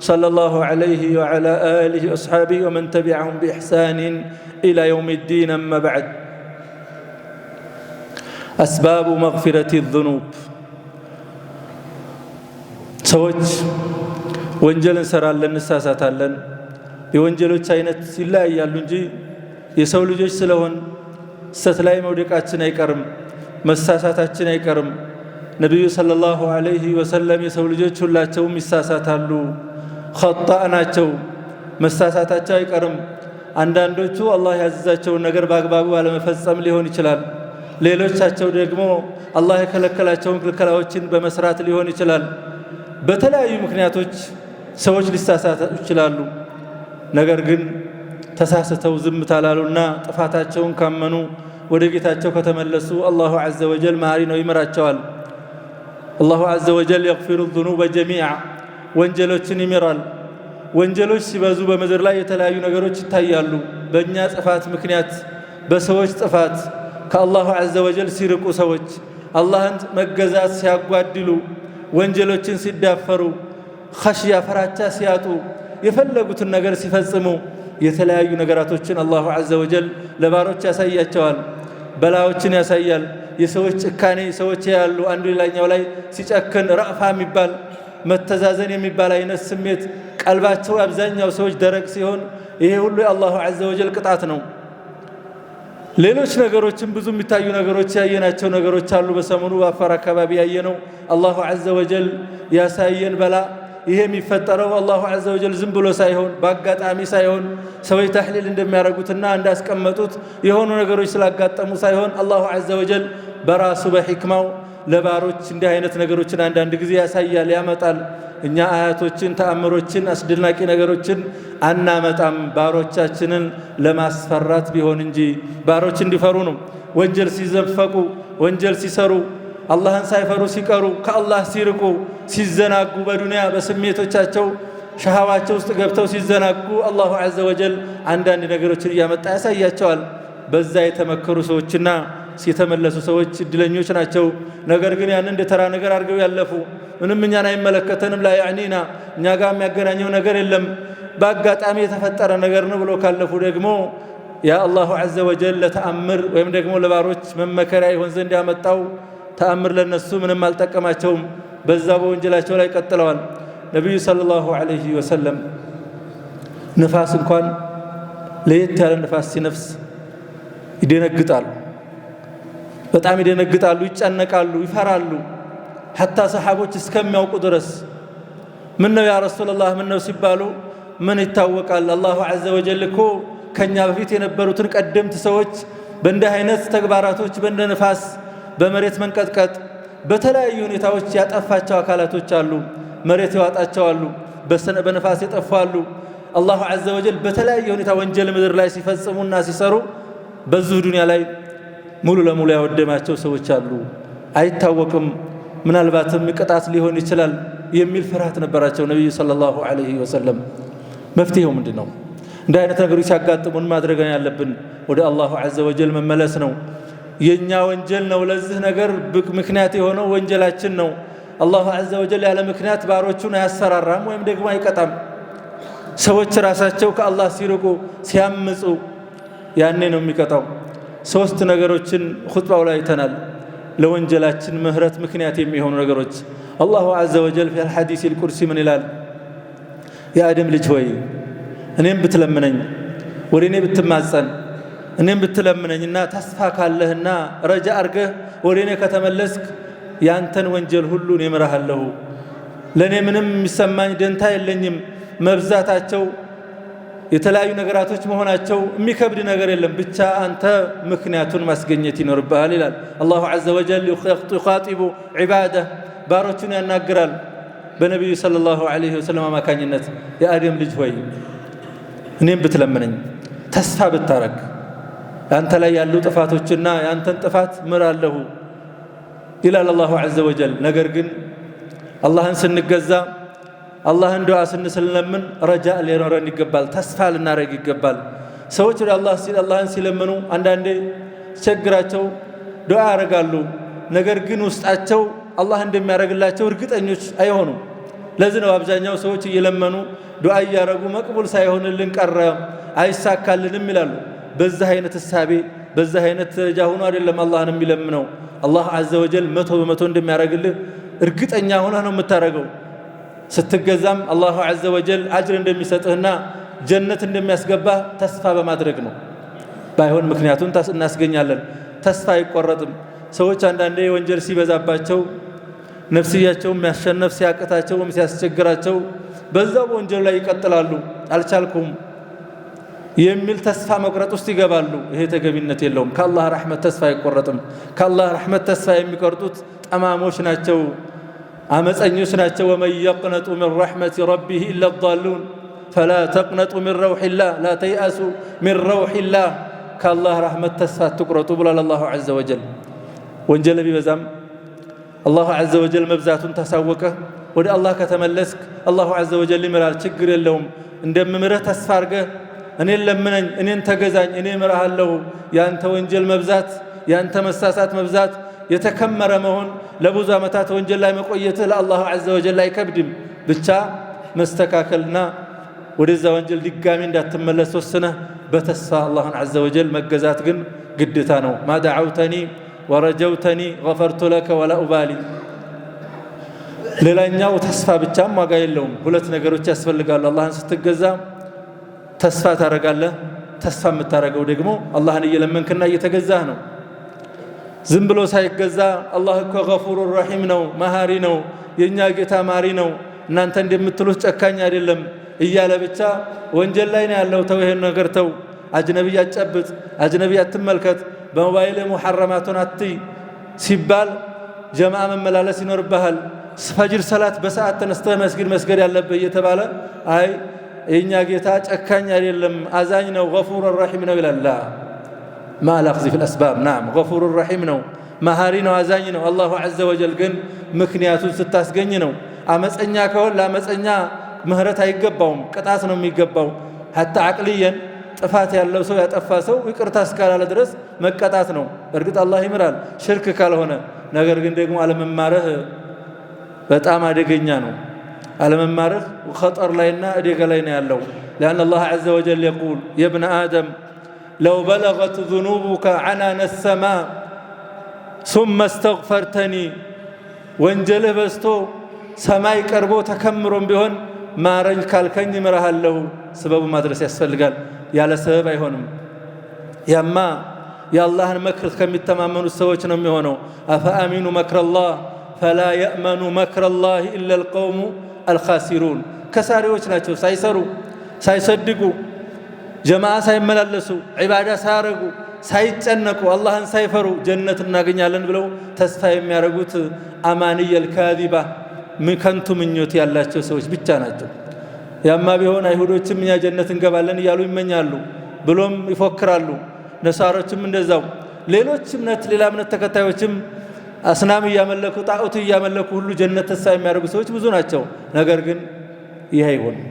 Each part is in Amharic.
صلى الله عليه وعلى آله وأصحابه ومن تبعهم بإحسان إلى يوم الدين أما بعد أسباب مغفرة الذنوب ሰዎች ወንጀል እንሰራለን እንሳሳታለን የወንጀሎች አይነት ይለያያሉ እንጂ የሰው ልጆች ስለሆን ስተት ላይ መውደቃችን አይቀርም መሳሳታችን አይቀርም ነቢዩ ሰለላሁ ዐለይሂ ወሰለም የሰው ልጆች ሁላቸውም ይሳሳታሉ ኸጣእ ናቸው፣ መሳሳታቸው አይቀርም። አንዳንዶቹ አላህ ያዘዛቸውን ነገር በአግባቡ አለመፈጸም ሊሆን ይችላል። ሌሎቻቸው ደግሞ አላህ የከለከላቸውን ክልከላዎችን በመስራት ሊሆን ይችላል። በተለያዩ ምክንያቶች ሰዎች ሊሳሳቱ ይችላሉ። ነገር ግን ተሳስተው ዝም ታላሉና ጥፋታቸውን ካመኑ ወደ ጌታቸው ከተመለሱ አላሁ ዐዘ ወጀል መሐሪ ነው፣ ይመራቸዋል። አላሁ ዐዘ ወጀል የግፊሩ ዙኑበ ጀሚዓ ወንጀሎችን ይምራል። ወንጀሎች ሲበዙ በምድር ላይ የተለያዩ ነገሮች ይታያሉ። በእኛ ጥፋት ምክንያት፣ በሰዎች ጥፋት ከአላሁ ዐዘ ወጀል ሲርቁ ሰዎች አላህን መገዛት ሲያጓድሉ፣ ወንጀሎችን ሲዳፈሩ፣ ኸሽያ ፈራቻ ሲያጡ፣ የፈለጉትን ነገር ሲፈጽሙ የተለያዩ ነገራቶችን አላሁ ዐዘ ወጀል ለባሮች ያሳያቸዋል። በላዎችን ያሳያል። የሰዎች ጭካኔ ሰዎች ያሉ አንዱ ሌላኛው ላይ ሲጨክን ረእፋ የሚባል መተዛዘን የሚባል አይነት ስሜት ቀልባቸው አብዛኛው ሰዎች ደረቅ ሲሆን ይሄ ሁሉ የአላሁ ዐዘ ወጀል ቅጣት ነው። ሌሎች ነገሮችም ብዙ የሚታዩ ነገሮች ያየናቸው ነገሮች አሉ። በሰሞኑ በአፋር አካባቢ ያየነው አላሁ ዐዘ ወጀል ያሳየን በላ ይሄ የሚፈጠረው አላሁ ዐዘ ወጀል ዝም ብሎ ሳይሆን በአጋጣሚ ሳይሆን ሰዎች ተሕሊል እንደሚያደርጉትና እንዳስቀመጡት የሆኑ ነገሮች ስላጋጠሙ ሳይሆን አላሁ ዐዘ ወጀል በራሱ በሕክማው ለባሮች እንዲህ አይነት ነገሮችን አንዳንድ ጊዜ ያሳያል፣ ያመጣል። እኛ አያቶችን ተአምሮችን፣ አስደናቂ ነገሮችን አናመጣም፣ ባሮቻችንን ለማስፈራት ቢሆን እንጂ ባሮች እንዲፈሩ ነው። ወንጀል ሲዘፈቁ፣ ወንጀል ሲሰሩ፣ አላህን ሳይፈሩ ሲቀሩ፣ ከአላህ ሲርቁ፣ ሲዘናጉ፣ በዱንያ በስሜቶቻቸው ሸሃዋቸው ውስጥ ገብተው ሲዘናጉ አላሁ ዐዘ ወጀል አንዳንድ ነገሮችን እያመጣ ያሳያቸዋል። በዛ የተመከሩ ሰዎችና የተመለሱ ሰዎች እድለኞች ናቸው። ነገር ግን ያን እንደ ተራ ነገር አድርገው ያለፉ ምንም እኛን አይመለከተንም፣ ላ ያዕኒና እኛ ጋር የሚያገናኘው ነገር የለም በአጋጣሚ የተፈጠረ ነገር ነው ብሎ ካለፉ ደግሞ የአላሁ ዐዘ ወጀል ለተአምር ወይም ደግሞ ለባሮች መመከሪያ ይሆን ዘንድ ያመጣው ተአምር ለነሱ ምንም አልጠቀማቸውም። በዛ በወንጀላቸው ላይ ቀጥለዋል። ነቢዩ ሰለላሁ ዐለይሂ ወሰለም ንፋስ እንኳን ለየት ያለ ንፋስ ሲነፍስ ይደነግጣሉ። በጣም ይደነግጣሉ፣ ይጨነቃሉ፣ ይፈራሉ። ሐታ ሰሓቦች እስከሚያውቁ ድረስ ምን ነው ያ ረሱላላህ ምን ነው ሲባሉ ምን ይታወቃል አላሁ ዐዘ ወጀል እኮ ከእኛ በፊት የነበሩትን ቀደምት ሰዎች በእንዲህ አይነት ተግባራቶች በእንደ ነፋስ፣ በመሬት መንቀጥቀጥ፣ በተለያዩ ሁኔታዎች ያጠፋቸው አካላቶች አሉ። መሬት ያዋጣቸው አሉ፣ በነፋስ የጠፉ አሉ። አላሁ ዐዘ ወጀል በተለያየ ሁኔታ ወንጀል ምድር ላይ ሲፈጽሙና ሲሰሩ በዚሁ ዱንያ ላይ ሙሉ ለሙሉ ያወደማቸው ሰዎች አሉ። አይታወቅም፣ ምናልባትም ቅጣት ሊሆን ይችላል የሚል ፍርሃት ነበራቸው ነቢዩ ሰለላሁ ዐለይሂ ወሰለም። መፍትሄው ምንድን ነው? እንደ አይነት ነገሮች ሲያጋጥሙን ማድረግ ያለብን ወደ አላሁ ዐዘ ወጀል መመለስ ነው። የእኛ ወንጀል ነው ለዚህ ነገር ምክንያት የሆነው ወንጀላችን ነው። አላሁ ዐዘ ወጀል ያለ ምክንያት ባሮቹን አያሰራራም ወይም ደግሞ አይቀጣም። ሰዎች ራሳቸው ከአላህ ሲርቁ ሲያምፁ ያኔ ነው የሚቀጣው። ሶስት ነገሮችን ኹጥባው ላይ አይተናል። ለወንጀላችን ምህረት ምክንያት የሚሆኑ ነገሮች አላሁ ዐዘ ወጀል ፊል ሐዲስ ቁርሲ ምን ይላል? የአደም ልጅ ሆይ እኔም ብትለምነኝ ወደ እኔ ብትማጸን እኔም ብትለምነኝና ተስፋ ካለህና ረጃ አርገህ ወደ እኔ ከተመለስክ ያንተን ወንጀል ሁሉ እኔ እምርሃለሁ። ለእኔ ምንም የሚሰማኝ ደንታ የለኝም መብዛታቸው የተለያዩ ነገራቶች መሆናቸው የሚከብድ ነገር የለም። ብቻ አንተ ምክንያቱን ማስገኘት ይኖርብሃል ይላል አላሁ ዐዘ ወጀል። ዩኻጢቡ ዒባደህ ባሮቹን ያናግራል በነቢዩ ሰለላሁ ዐለይሂ ወሰለም አማካኝነት የአደም ልጅ ሆይ እኔም ብትለምነኝ ተስፋ ብታረግ አንተ ላይ ያሉ ጥፋቶችና የአንተን ጥፋት ምራለሁ ይላል አላሁ ዐዘ ወጀል። ነገር ግን አላህን ስንገዛ አላህን ዱዓ ስንስለምን ረጃ ሊኖረን ይገባል። ተስፋ ልናደረግ ይገባል። ሰዎች ወደ አላህ አላህን ሲለምኑ አንዳንዴ ሲቸግራቸው ዱዓ ያደርጋሉ። ነገር ግን ውስጣቸው አላህ እንደሚያደርግላቸው እርግጠኞች አይሆኑም። ለዚህ ነው አብዛኛው ሰዎች እየለመኑ ዱዓ እያደረጉ መቅቡል ሳይሆንልን ቀረ አይሳካልንም ይላሉ። በዛህ አይነት እሳቤ በዛህ አይነት ደረጃ ሆኖ አይደለም አላህን የሚለምነው። አላህ አዘወጀል መቶ በመቶ እንደሚያደርግልህ እርግጠኛ ሆነህ ነው የምታደርገው። ስትገዛም አላሁ ዐዘ ወጀል አጅር እንደሚሰጥህና ጀነት እንደሚያስገባህ ተስፋ በማድረግ ነው። ባይሆን ምክንያቱን እናስገኛለን። ተስፋ አይቆረጥም። ሰዎች አንዳንዴ ወንጀል ሲበዛባቸው የሚያሸነፍ ያሸነፍ ወይም ሲያስቸግራቸው በዛው ወንጀል ላይ ይቀጥላሉ። አልቻልኩም የሚል ተስፋ መቁረጥ ውስጥ ይገባሉ። ይሄ ተገቢነት የለውም። ከአላህ ረሕመት ተስፋ አይቆረጥም። ከአላህ ረሕመት ተስፋ የሚቆርጡት ጠማሞች ናቸው። أمسأنيس ناتش ومن يقنط من رحمة ربه إلا الضالون فلا تقنط من روح الله لا تيأسوا من روح الله كالله رحمة تسفات تقرأ تبلا الله عز وجل وانجل بزام الله عز وجل مبزات تسوك ودي الله كتملسك الله عز وجل مرال شكر اللهم ان دم مره تسفارك ان يلمن ان انت غزاني ان مرال له يا انت وانجل مبزات يا انت مساسات مبزات የተከመረ መሆን ለብዙ ዓመታት ወንጀል ላይ መቆየትህ ለአላህ ዐዘ ወጀል አይከብድም። ብቻ መስተካከልና ወደዛ ወንጀል ድጋሚ እንዳትመለስ ወስነህ በተስፋ አላህን ዐዘ ወጀል መገዛት ግን ግድታ ነው። ማ ደዓውተኒ ወረጀውተኒ ገፈርቱ ለከ ወላ ኡባሊ። ሌላኛው ተስፋ ብቻም ዋጋ የለውም። ሁለት ነገሮች ያስፈልጋሉ። አላህን ስትገዛ ተስፋ ታደርጋለህ ተስፋ የምታደርገው ደግሞ አላህን እየለመንክና እየተገዛህ ነው። ዝም ብሎ ሳይገዛ አላህ እኮ ገፉሩ ረሒም ነው፣ መሃሪ ነው፣ የእኛ ጌታ ማሪ ነው፣ እናንተ እንደምትሉት ጨካኝ አይደለም እያለ ብቻ ወንጀል ላይ ነው ያለው። ተው ይሄን ነገር ተው። አጅነቢ አትጨብጥ፣ አጅነቢ አትመልከት፣ በሞባይል ሙሐረማቱን አትይ ሲባል ጀማ መመላለስ ይኖርብሃል። ፈጅር ሰላት በሰዓት ተነስተህ መስጊድ መስገድ ያለብህ እየተባለ አይ የእኛ ጌታ ጨካኝ አይደለም፣ አዛኝ ነው፣ ገፉሩ ረሒም ነው ይላላ ማላክዚ ፊል አስባብ ናም ገፉሩ ረሒም ነው፣ መሃሪ ነው፣ አዛኝ ነው። አላሁ ዐዘ ወጀል ግን ምክንያቱን ስታስገኝ ነው። አመፀኛ ከሆን ለአመፀኛ ምህረት አይገባውም፣ ቅጣት ነው የሚገባው። ሐታ አቅልየን ጥፋት ያለው ሰው ያጠፋ ሰው ይቅርታ እስካላለ ድረስ መቀጣት ነው። እርግጥ አላህ ይምራል ሽርክ ካልሆነ። ነገር ግን ደግሞ አለመማረህ በጣም አደገኛ ነው። አለመማረህ ኸጠር ላይና አደጋ ላይ ነው ያለው። ሊአን አላህ ዐዘ ወጀል የቁል የብነ አደም ለው በለገት ዙኑቡከ ዐናነ ሰማ ሱመ እስተግፈርተኒ ወንጀልህ በዝቶ ሰማይ ቀርቦ ተከምሮም ቢሆን ማረኝ ካልከኝ ምረሃለሁ። ስበቡ ማድረስ ያስፈልጋል። ያለ ሰበብ አይሆንም። ያማ የአላህን መክር ከሚተማመኑት ሰዎች ነው የሚሆነው። አፈአሚኑ መክረላህ ፈላ የእመኑ መክረላህ ኢላ ልቀውሙ አልኻሲሩን ከሳሪዎች ናቸው። ሳይሰሩ ሳይሰድጉ ጀማዓ ሳይመላለሱ ዒባዳ ሳያረጉ ሳይጨነቁ አላህን ሳይፈሩ ጀነት እናገኛለን ብለው ተስፋ የሚያደርጉት አማንየል ካዚባ ከንቱ ምኞት ያላቸው ሰዎች ብቻ ናቸው። ያማ ቢሆን አይሁዶችም እኛ ጀነት እንገባለን እያሉ ይመኛሉ፣ ብሎም ይፎክራሉ። ነሳሮችም እንደዛው፣ ሌሎች እምነት ሌላ እምነት ተከታዮችም አስናም እያመለኩ ጣዖት እያመለኩ ሁሉ ጀነት ተስፋ የሚያደርጉ ሰዎች ብዙ ናቸው። ነገር ግን ይህ አይሆንም።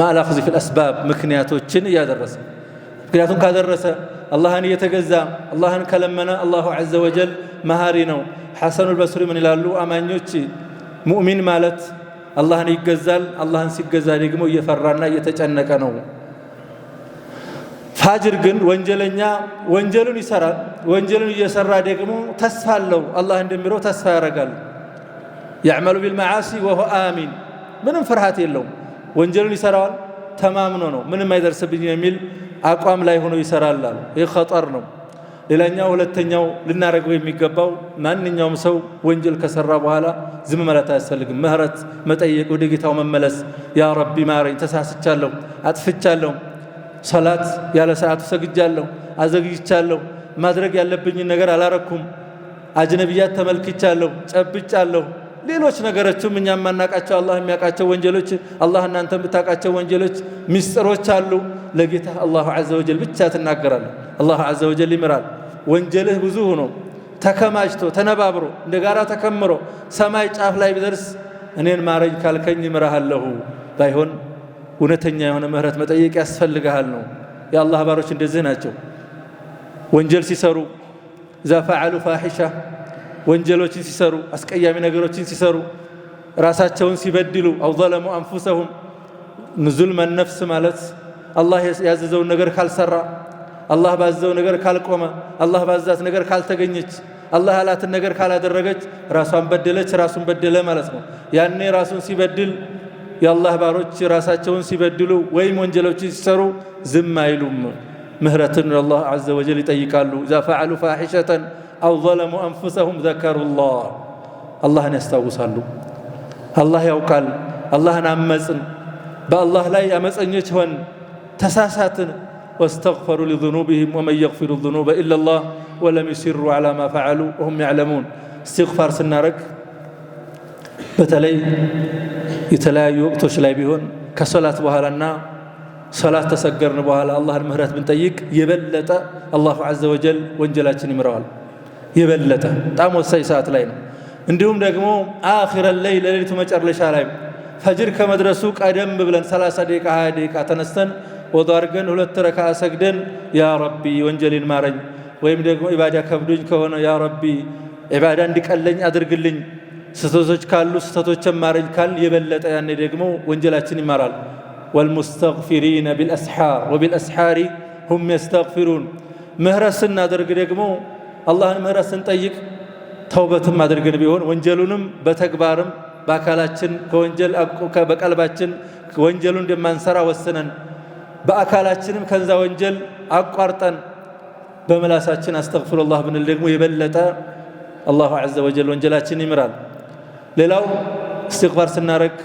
ማላክዚ ፊል አስባብ ምክንያቶችን እያደረሰ ምክንያቱም ካደረሰ አላህን እየተገዛ አላህን ከለመነ አላሁ ዐዘ ወጀል መሃሪ ነው። ሐሰኑል በስሪ ምን ይላሉ? አማኞች ሙእሚን ማለት አላህን ይገዛል፣ አላህን ሲገዛ ደግሞ እየፈራና እየተጨነቀ ነው። ፋጅር ግን ወንጀለኛ ወንጀሉን ይሰራል። ወንጀሉን እየሰራ ደግሞ ተስፋ አለው፣ አላህ እንደሚለው ተስፋ ያደርጋል። ያዕመሉ ቢልመዓሲ ወሁ አሚን፣ ምንም ፍርሃት የለውም። ወንጀሉን ይሰራዋል። ተማምኖ ነው ምንም አይደርስብኝ የሚል አቋም ላይ ሆኖ ይሰራል አሉ። ይህ ኸጠር ነው። ሌላኛው ሁለተኛው ልናደርገው የሚገባው ማንኛውም ሰው ወንጀል ከሰራ በኋላ ዝም ማለት አያስፈልግም። ምህረት መጠየቅ፣ ወደ ጌታው መመለስ። ያ ረቢ ማረኝ፣ ተሳስቻለሁ፣ አጥፍቻለሁ፣ ሰላት ያለ ሰዓቱ ሰግጃለሁ፣ አዘግይቻለሁ፣ ማድረግ ያለብኝን ነገር አላረኩም፣ አጅነብያት ተመልክቻለሁ፣ ጨብጫለሁ ሌሎች ነገሮችም እኛ የማናቃቸው አላህ የሚያውቃቸው ወንጀሎች አላህ እናንተ የምታውቃቸው ወንጀሎች ሚስጥሮች አሉ። ለጌታ አላሁ ዐዘ ወጀል ብቻ ትናገራለ አላሁ ዐዘ ወጀል ይምራል። ወንጀልህ ብዙ ሆኖ ተከማችቶ ተነባብሮ እንደ ጋራ ተከምሮ ሰማይ ጫፍ ላይ ቢደርስ እኔን ማረኝ ካልከኝ ይምራሃለሁ። ባይሆን እውነተኛ የሆነ ምህረት መጠየቅ ያስፈልግሃል ነው። የአላህ ባሮች እንደዚህ ናቸው። ወንጀል ሲሰሩ እዛ ፋሂሻ። ፋሒሻ ወንጀሎችን ሲሰሩ አስቀያሚ ነገሮችን ሲሰሩ ራሳቸውን ሲበድሉ አው ዘለሙ አንፉሰሁም ዙልመን ነፍስ ማለት አላህ ያዘዘውን ነገር ካልሰራ አላህ ባዘዘው ነገር ካልቆመ አላህ ባዛት ነገር ካልተገኘች አላህ ያላትን ነገር ካላደረገች ራሷን በደለች፣ ራሱን በደለ ማለት ነው። ያኔ ራሱን ሲበድል የአላህ ባሮች ራሳቸውን ሲበድሉ ወይም ወንጀሎችን ሲሰሩ ዝም አይሉም። ምህረትን አላህ ዐዘ ወጀል ይጠይቃሉ። ዛ ፈዓሉ ፋሒሸተን أو ظلموا أنفسهم ذكروا الله الله نستوصلوا الله يوكل الله نعمزن بأ الله لا يأمس أن يجهن تساساتن واستغفروا لذنوبهم ومن يغفر الذنوب إلا الله ولم يسروا على ما فعلوا وهم يعلمون استغفار سنارك بتلي يتلايو وقتوش لا كصلاة كصلاة بهالنا صلاة تسجرن بهالا الله المهرات بن تيك يبلت الله عز وجل وانجلاتني مروال የበለጠ በጣም ወሳኝ ሰዓት ላይ ነው። እንዲሁም ደግሞ አኺረ ሌይል ሌሊቱ መጨረሻ ላይ ፈጅር ከመድረሱ ቀደም ብለን 30 ደቂቃ 20 ደቂቃ ተነስተን ወዶ አድርገን ሁለት ረካ ሰግደን ያ ረቢ ወንጀሌን ማረኝ፣ ወይም ደግሞ ኢባዳ ከብዶኝ ከሆነ ያ ረቢ ኢባዳ እንዲቀለኝ አድርግልኝ፣ ስህተቶች ካሉ ስህተቶችን ማረኝ ካል የበለጠ ያኔ ደግሞ ወንጀላችን ይማራል። ወልሙስተግፊሪነ ቢልአስሓር ወቢልአስሓሪ ሁም የስተግፊሩን ምህረት ስናደርግ ደግሞ አላህን ምህረት ስንጠይቅ ተውበትም አድርገን ቢሆን ወንጀሉንም በተግባርም በአካላችን ከወንጀል በቀልባችን ወንጀሉ እንደማንሰራ ወስነን በአካላችንም ከዛ ወንጀል አቋርጠን በመላሳችን አስተግፍሩላህ ብንል ደግሞ የበለጠ አላሁ ዐዘ ወጀል ወንጀላችን ይምራል። ሌላው እስትግፋር ስናረግ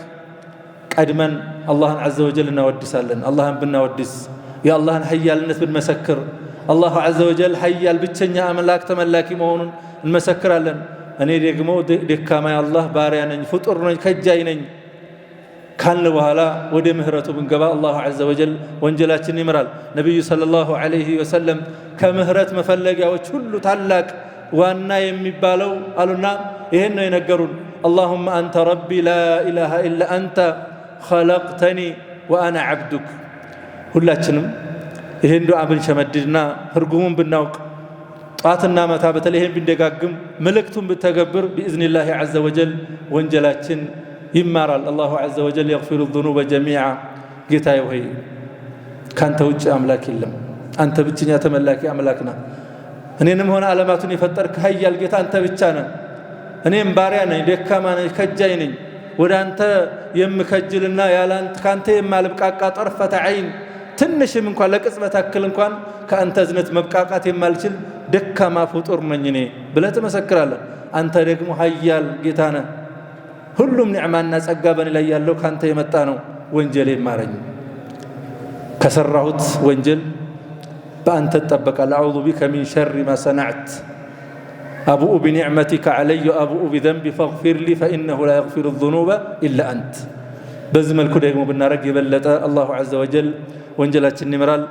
ቀድመን አላህን ዐዘ ወጀል እናወድሳለን። አላህን ብናወድስ የአላህን ሀያልነት ብንመሰክር አላሁ ዐዘ ወጀል ሀያል ብቸኛ አምላክ ተመላኪ መሆኑን እንመሰክራለን። እኔ ደግሞ ደካማ አላህ ባሪያ ነኝ፣ ፍጡር ነኝ፣ ከጃይ ነኝ ካልን በኋላ ወደ ምህረቱ ብንገባ አላሁ ዐዘ ወጀል ወንጀላችንን ይምራል። ነቢዩ ሰለላሁ ዐለይሂ ወሰለም ከምህረት መፈለጊያዎች ሁሉ ታላቅ ዋና የሚባለው አሉና ይህን ነው የነገሩን። አላሁመ አንተ ረቢ ላኢላሃ ኢላሃ ኢላ አንተ ኸለቅተኒ ወአና ዐብዱክ ሁላችንም ይህን ዱዓ ብንሸመድድና ህርጉሙን ብናውቅ ጧትና ማታ በተለይ ብንደጋግም መልእክቱን ብተገብር ቢኢዝኒላህ ዐዘ ወጀል ወንጀላችን ይማራል። አላሁ ዐዘ ወጀል የግፊሩ ዙኑበ ጀሚዓ። ጌታ ሆይ ካንተ ውጭ አምላክ የለም፣ አንተ ብቸኛ ተመላኪ አምላክ ነህ። እኔንም ሆነ ዓለማቱን የፈጠርክ ኃያል ጌታ አንተ ብቻ ነህ። እኔም ባሪያ ነኝ፣ ደካማ ነኝ፣ ከጃይ ነኝ። ወደ አንተ የምከጅልና ያለ ከአንተ የማልብቃቃ ጠርፈተ ዐይን ትንሽም እንኳን ለቅጽበት አክል እንኳን ከአንተ እዝነት መብቃቃት የማልችል ደካማ ፍጡር ነኝ እኔ ብለህ ትመሰክራለህ። አንተ ደግሞ ሀያል ጌታ ነህ። ሁሉም ኒዕማና ጸጋ በእኔ ላይ ያለው ከአንተ የመጣ ነው። ወንጀሌን ማረኝ። ከሰራሁት ወንጀል በአንተ እጠበቃለሁ። አዑዙ ቢከ ሚን ሸሪ ማ ሰናዕት አቡኡ ቢኒዕመቲከ ዓለይ አቡኡ ቢዘንቢ ፈግፊር ፈኢነሁ ላ የግፊሩ ዙኑበ ኢላ አንት። በዚህ መልኩ ደግሞ ብናደረግ የበለጠ አላሁ ዐዘ ወጀል ወንጀላችን ይምራል።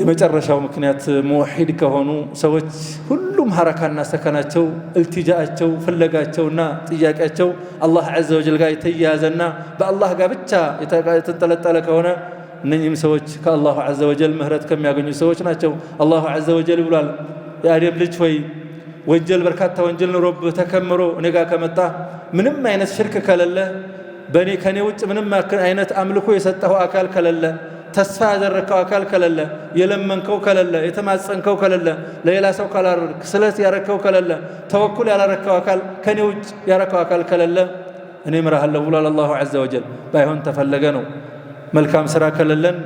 የመጨረሻው ምክንያት ሙወሒድ ከሆኑ ሰዎች ሁሉም ሐረካና ሰከናቸው እልትጃአቸው ፍለጋቸውና ጥያቄያቸው አላህ ዐዘ ወጀል ጋር የተያያዘና በአላህ ጋር ብቻ የተንጠለጠለ ከሆነ እነኚህም ሰዎች ከአላሁ ዐዘ ወጀል ምህረት ከሚያገኙ ሰዎች ናቸው። አላሁ ዐዘ ወጀል ብሏል፣ የአደም ልጅ ሆይ ወንጀል በርካታ ወንጀል ኑሮብህ ተከምሮ እኔ ጋር ከመጣ ምንም አይነት ሽርክ ከሌለ በእኔ ከእኔ ውጭ ምንም አይነት አምልኮ የሰጠኸው አካል ከሌለ تسفى درك أكل كلا يلمن كو كلا لا يتماس أن كو كلا لا ليلا سو كلا سلس يا رك كو كلا توكل يا رك كو كنيوج يا رك كو أكل كلا لا نمر هلا ولا الله عز وجل بهون تفلجنو ملكام سرا كلا لن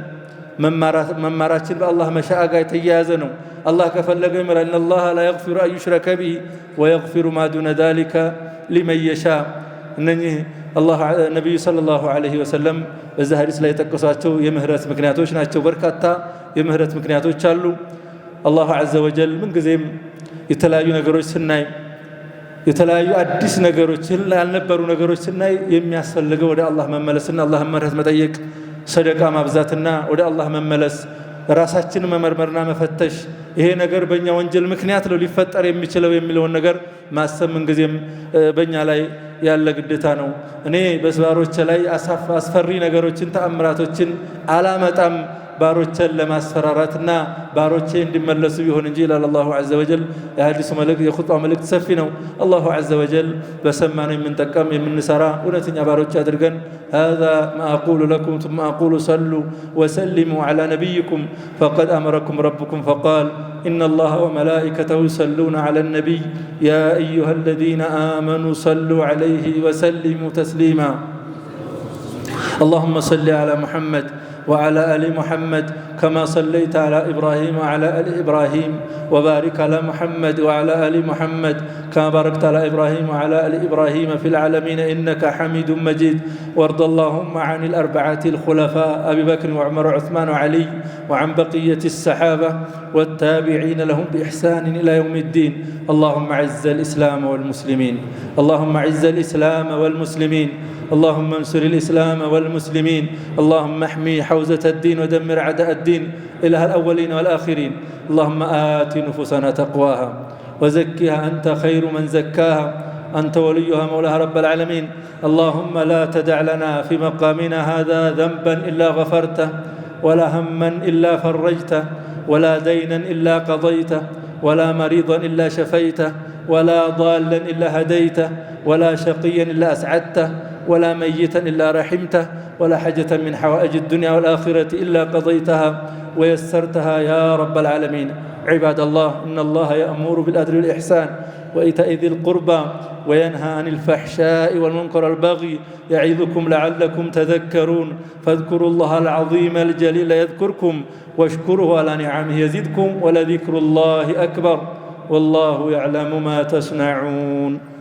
من مرا من الله ما جاي تيازنو الله كفلج مر إن الله لا يغفر أن يشرك به ويغفر ما دون ذلك لمن يشاء إنني الله نبي صلى الله عليه وسلم በዛ ሀዲስ ላይ የጠቀሷቸው የምህረት ምክንያቶች ናቸው። በርካታ የምህረት ምክንያቶች አሉ። አላሁ ዐዘ ወጀል ምንጊዜም የተለያዩ ነገሮች ስናይ የተለያዩ አዲስ ነገሮች ያልነበሩ ነገሮች ስናይ የሚያስፈልገው ወደ አላህ መመለስና አላህን ምህረት መጠየቅ፣ ሰደቃ ማብዛትና ወደ አላህ መመለስ፣ ራሳችን መመርመርና መፈተሽ ይሄ ነገር በእኛ ወንጀል ምክንያት ነው ሊፈጠር የሚችለው የሚለውን ነገር ማሰብ ምንጊዜም በእኛ ላይ ያለ ግዴታ ነው። እኔ በባሮቼ ላይ አስፈሪ ነገሮችን ተአምራቶችን አላመጣም ባሮቼን ለማስፈራራትና ባሮቼ እንዲመለሱ ቢሆን እንጂ ይላል አላሁ ዐዘ ወጀል። የሐዲሱ መልእክት የኹጥባ መልእክት ሰፊ ነው። አላሁ ዐዘ ወጀል በሰማነው የምንጠቀም የምንሰራ እውነተኛ ባሮች አድርገን هذا ما أقول لكم ثم أقول صلوا وسلموا على نبيكم فقد أمركم ربكم فقال إن الله وملائكته يصلون على النبي يا أيها الذين آمنوا صلوا عليه وسلموا تسليما اللهم صل على محمد وعلى ال محمد كما صليت على ابراهيم وعلى ال ابراهيم وبارك على محمد وعلى ال محمد كما باركت على إبراهيم وعلى آل إبراهيم في العالمين إنك حميد مجيد وارض اللهم عن الأربعة الخلفاء أبي بكر وعمر وعثمان وعلي وعن بقية الصحابة والتابعين لهم بإحسان إلى يوم الدين اللهم عز الإسلام والمسلمين اللهم عز الإسلام والمسلمين اللهم انصر الإسلام والمسلمين اللهم احمي حوزة الدين ودمر عداء الدين إله الأولين والآخرين اللهم آت نفوسنا تقواها وزكها أنت خير من زكاها أنت وليها مولاها رب العالمين اللهم لا تدع لنا في مقامنا هذا ذنبا إلا غفرته ولا هما إلا فرجته ولا دينا إلا قضيته ولا مريضا إلا شفيته ولا ضالا إلا هديته ولا شقيا إلا أسعدته ولا ميتا إلا رحمته ولا حاجة من حوائج الدنيا والآخرة إلا قضيتها ويسرتها يا رب العالمين عباد الله إن الله يأمر بالأدل والإحسان وإيتاء ذي القربى وينهى عن الفحشاء والمنكر والبغي يعظكم لعلكم تذكرون فاذكروا الله العظيم الجليل يذكركم واشكره على نعمه يزدكم ولذكر الله أكبر والله يعلم ما تصنعون